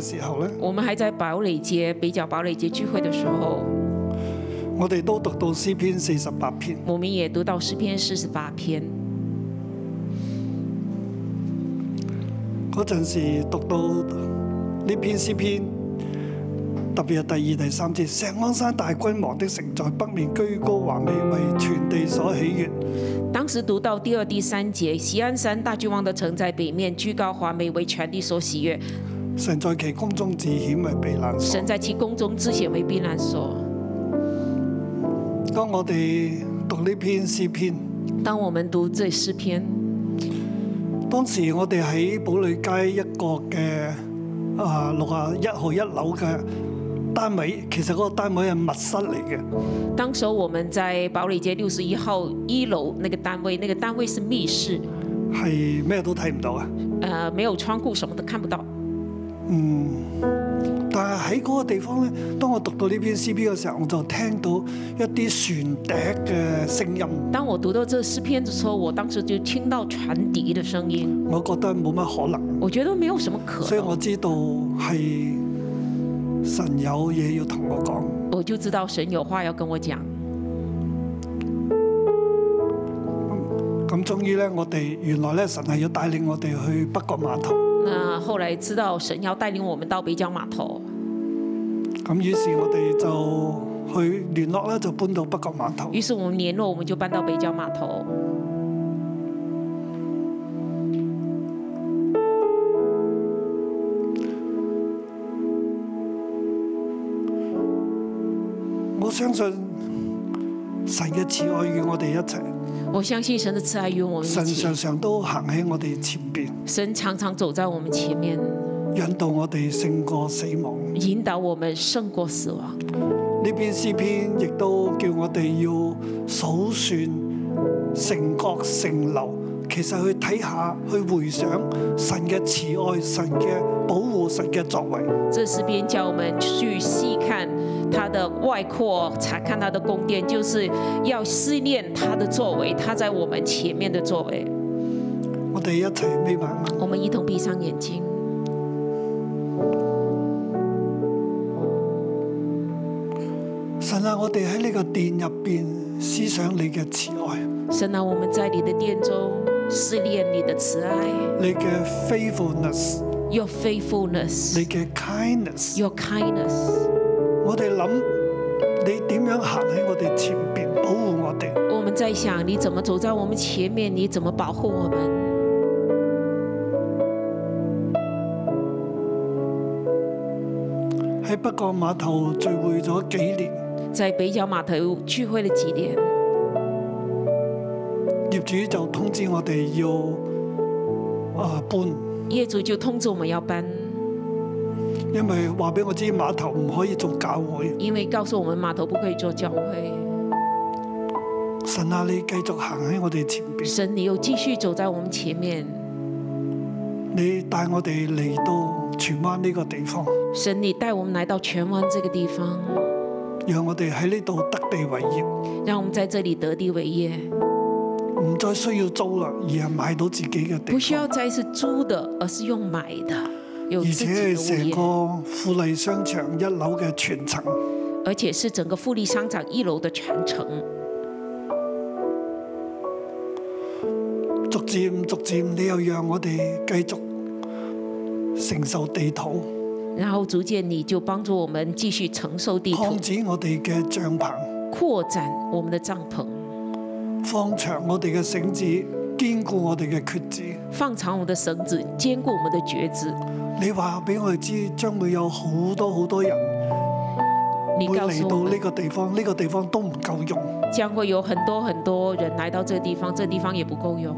嘅時候我們還在堡壘街，北角堡壘街聚會的時候，我哋都讀到詩篇四十八篇。我們也讀到詩篇四十八篇。嗰陣時讀到呢篇詩篇，特別係第二、第三節。錫安山大君王的城在北面，居高華美，為全地所喜悅。當時讀到第二、第三節，錫安山大君王的城在北面，居高華美，為全地所喜悅。神在其宮中自顯為避難所。神在其宮中自顯為避難所。當我哋讀呢篇詩篇，當我們讀這詩篇，當時我哋喺寶利街一個嘅啊六十一號一樓嘅單位，其實嗰個單位係密室嚟嘅。當時我們在寶利街六十一號一樓那個單位，那個單位是密室，係咩都睇唔到啊？誒，沒有窗戶，什麼都看不到。嗯，但係喺嗰個地方呢，當我讀到呢篇詩篇嘅時候，我就聽到一啲船笛嘅聲音。當我讀到這詩篇嘅時候，我當時就聽到船笛嘅聲音。我覺得冇乜可能。我覺得沒有什麼可能。所以我知道係神有嘢要同我講。我就知道神有話要跟我講。咁、嗯、終於呢，我哋原來呢，神係要帶領我哋去北角碼頭。後來知道神要帶領我們到北角碼頭，咁於是我哋就去聯絡啦，就搬到北角碼頭。於是我們聯絡，我們就搬到北角碼頭。我相信神嘅慈愛與我哋一齊。我相信神的慈愛與我們。神常常都行喺我哋前邊。神常常走在我們前面。引導我哋勝過死亡。引導我們勝過死亡。呢篇詩篇亦都叫我哋要數算、城郭、城樓。其實去睇下去回想神嘅慈愛、神嘅保。神嘅作為，這是邊叫我們去細看他的外擴，查看他的宮殿，就是要思念他的作為，他在我們前面的作為。我哋一腿，未辦法。我們一同閉上眼睛。神啊，我哋喺呢個殿入邊，思想你嘅慈愛。神啊，我們在你的殿中，思念你的慈愛。你嘅 faithfulness。Your faithfulness，你嘅 kindness，your kindness。我哋諗，你點樣行喺我哋前邊保護我哋？我們在想，你怎麼走在我們前面？你怎麼保護我們？喺北角碼頭聚會咗幾年，在北角碼頭聚會了幾年，業主就通知我哋要啊搬。業主就通知我們要搬，因為話俾我知碼頭唔可以做教會。因為告訴我們碼頭不可以做教會。神啊，你繼續行喺我哋前邊。神，你又繼續走在我們前面。你帶我哋嚟到荃灣呢個地方。神，你帶我們來到荃灣呢個地方。讓我哋喺呢度得地為業。讓我們在這裏得地為業。唔再需要租啦，而係買到自己嘅地方。不需要再是租的，而是用買的。而且係成個富麗商場一樓嘅全層。而且是整個富麗商場一樓的全層。逐漸逐漸，你又讓我哋繼續承受地圖，然後逐漸，你就幫助我們繼續承受地圖，擴展我哋嘅帳篷，擴展我們的帳篷。放長我哋嘅繩子，堅固我哋嘅橛子。放長我的繩子，堅固我們嘅橛子。你話俾我哋知，將會有好多好多人會嚟到呢個地方，呢、這個地方都唔夠用。將會有很多很多人嚟到呢這個地方，呢這個、地方也不夠用。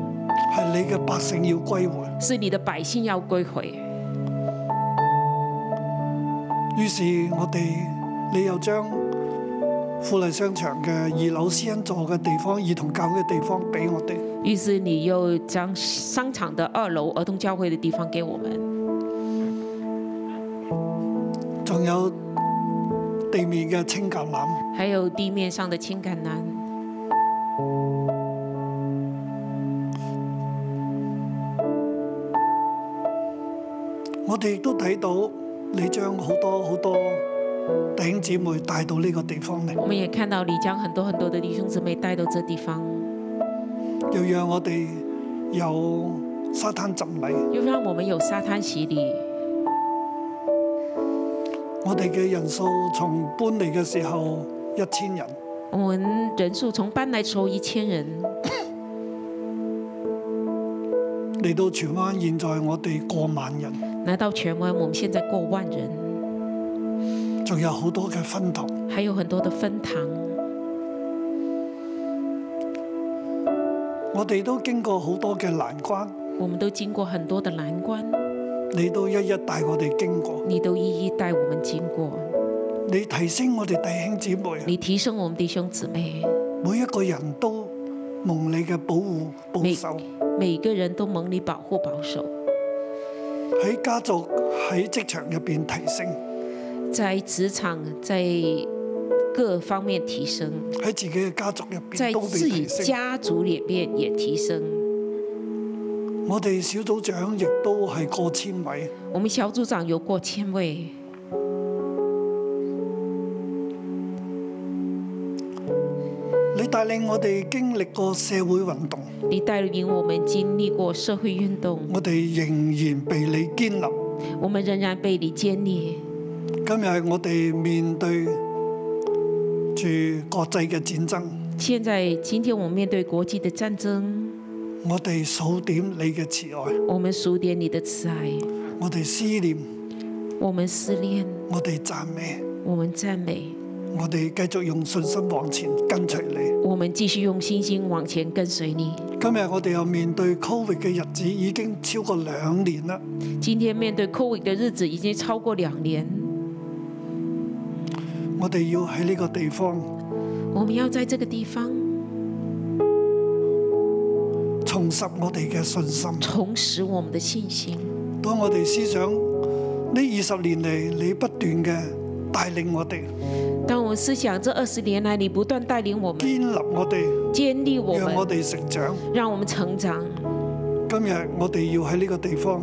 係你嘅百姓要歸回。是你嘅百姓要歸回。於是我，我哋你又將。富麗商場嘅二樓私人座嘅地方，兒童教會嘅地方俾我哋。於是你又將商場嘅二樓兒童教會嘅地方俾我哋。仲有地面嘅青橄欖。還有地面上嘅青橄欖。我哋亦都睇到你將好多好多。很多弟兄姊妹帶到呢個地方嚟，我們也看到你將很多很多的弟兄姊妹帶到這地方，要讓我哋有沙灘浸禮，要讓我們有沙灘洗禮。我哋嘅人數從搬嚟嘅時候一千人，我們人數從搬嚟時候一千人，嚟 到荃灣，現在我哋過萬人，嚟到荃灣，我們現在過萬人。仲有好多嘅分堂，還有很多嘅分堂。我哋都經過好多嘅難關，我們都經過很多嘅難關。你都一一帶我哋經過，你都一一帶我們經過。你提升我哋弟兄姊妹，你提升我們弟兄姊妹。每一個人都蒙你嘅保護保守，每個人都蒙你保護保守。喺家族喺職場入邊提升。在職場，在各方面提升；喺自己嘅家族入邊，在自己家族裏面也提升。我哋小組長亦都係過千位。我們小組長有過千位。你帶領我哋經歷過社會運動。你帶領我們經歷過社會運動。我哋仍然被你建立。我們仍然被你建立。今日我哋面對住國際嘅戰爭。現在今天我們面對國際的戰爭。我哋數點你嘅慈愛。我們數點你的慈愛。我哋思念。我們思念。我哋讚美。我們讚美。我哋繼續用信心往前跟隨你。我們繼續用信心往前跟隨你。今日我哋又面對 Covid 嘅日子已經超過兩年啦。今天面對 Covid 嘅日子已經超過兩年。我哋要喺呢個地方，我們要在這個地方重拾我哋嘅信心，重拾我們的信心。當我哋思想呢二十年嚟，你不斷嘅帶領我哋。當我思想這二十年來，你不斷帶領我們，建立我哋，建立我們，讓我哋成長，讓我們成長。今日我哋要喺呢個地方。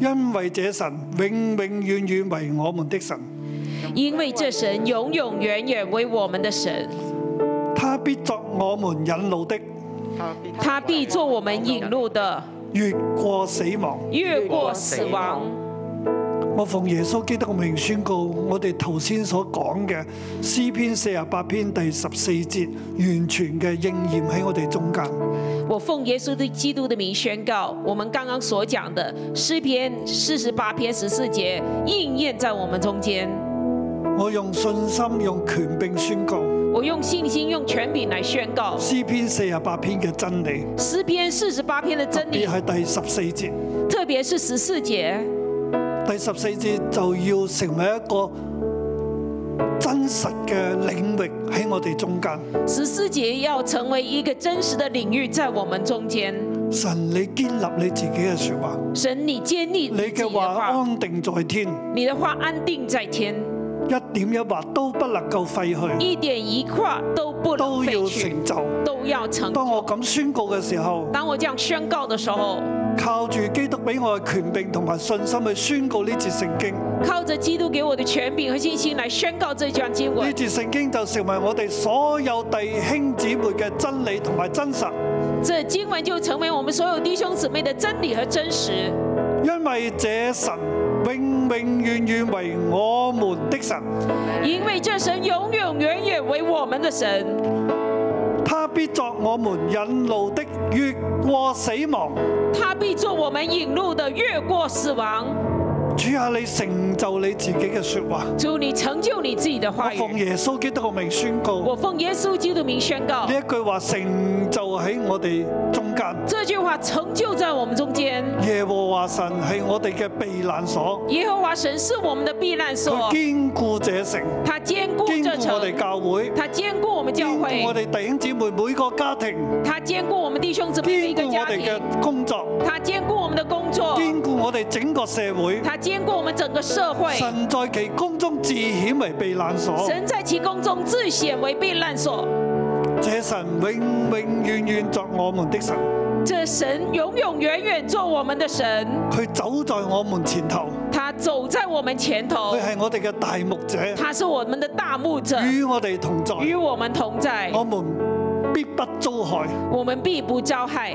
因為這神永永遠遠為我們的神，因為這神永永遠遠為我們的神，他必作我們引路的，他必作我們引路的，越過死亡，越過死亡。我奉耶穌基督的名宣告，我哋頭先所講嘅詩篇四十八篇第十四節，完全嘅應驗喺我哋中間。我奉耶穌的基督的名宣告，我們剛剛所講的詩篇四十八篇十四節，應驗在我們中間。我用信心用權柄宣告。我用信心用權柄來宣告詩篇四十八篇嘅真理。詩篇四十八篇嘅真理，特別係第十四節，特別是十四節。第十四節就要成為一個真實嘅領域喺我哋中間。十四節要成為一個真實嘅領域在我們中間。神你建立你自己嘅說話。神你建立你自己嘅話。安定在天。你嘅話安定在天。一點一畫都不能夠廢去。一點一畫都不能。都要成就。都要成就。當我咁宣告嘅時候。當我這樣宣告嘅時候。靠住基督俾我嘅權柄同埋信心去宣告呢節聖經，靠着基督給我的權柄和信心來宣告這段經文，呢節聖經就成為我哋所有弟兄姊妹嘅真理同埋真實。這經文就成為我們所有弟兄姊妹的真理和真實。因為這神永永遠遠遠為我們的神，因為這神永永遠遠遠為我們的神。必作我們引路的，越過死亡。他必作我們引路的，越過死亡。主啊，你成就你自己嘅說話。主，你成就你自己的話，己的話語。我奉耶穌基督嘅名宣告。我奉耶穌基督嘅名宣告。呢一句話成就喺我哋。這句話成就在我們中間。耶和華神係我哋嘅避難所。耶和華神是我們嘅避難所。堅固這城。他堅固這城。我哋教會。他堅固我們教會。我哋弟兄姊妹每個家庭。他堅固我們弟兄姊妹每個家庭。我哋嘅工作。他堅固我們的工作。堅固我哋整個社會。他堅固我們整個社會。神在其宮中自顯為避難所。神在其宮中自顯為避難所。這神永永遠遠作我們的神，這神永永遠遠作我們的神。佢走在我們前頭，他走在我們前頭。佢係我哋嘅大牧者，他是我們的大牧者，與我哋同在，與我們同在。我們必不遭害，我們必不遭害。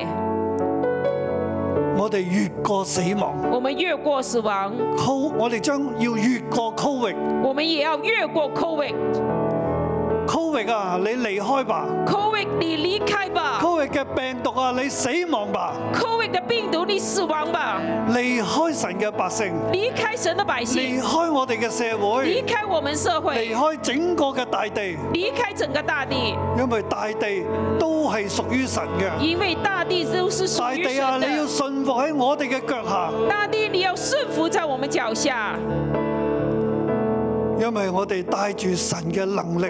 我哋越過死亡，我們越過死亡。好，我哋將要越過 covid，我們也要越過 covid。Covid 啊，你離開吧！Covid，你離開吧！Covid 嘅病毒啊，你死亡吧！Covid 嘅病毒，你死亡吧！離開神嘅百姓，離開神的百姓，離開我哋嘅社會，離開我們社會，離開整個嘅大地，離開整個大地，因為大地都係屬於神嘅。因為大地都是屬於神嘅。大地啊，你要順服喺我哋嘅腳下。大地，你要順服在我們腳下。因為我哋帶住神嘅能力。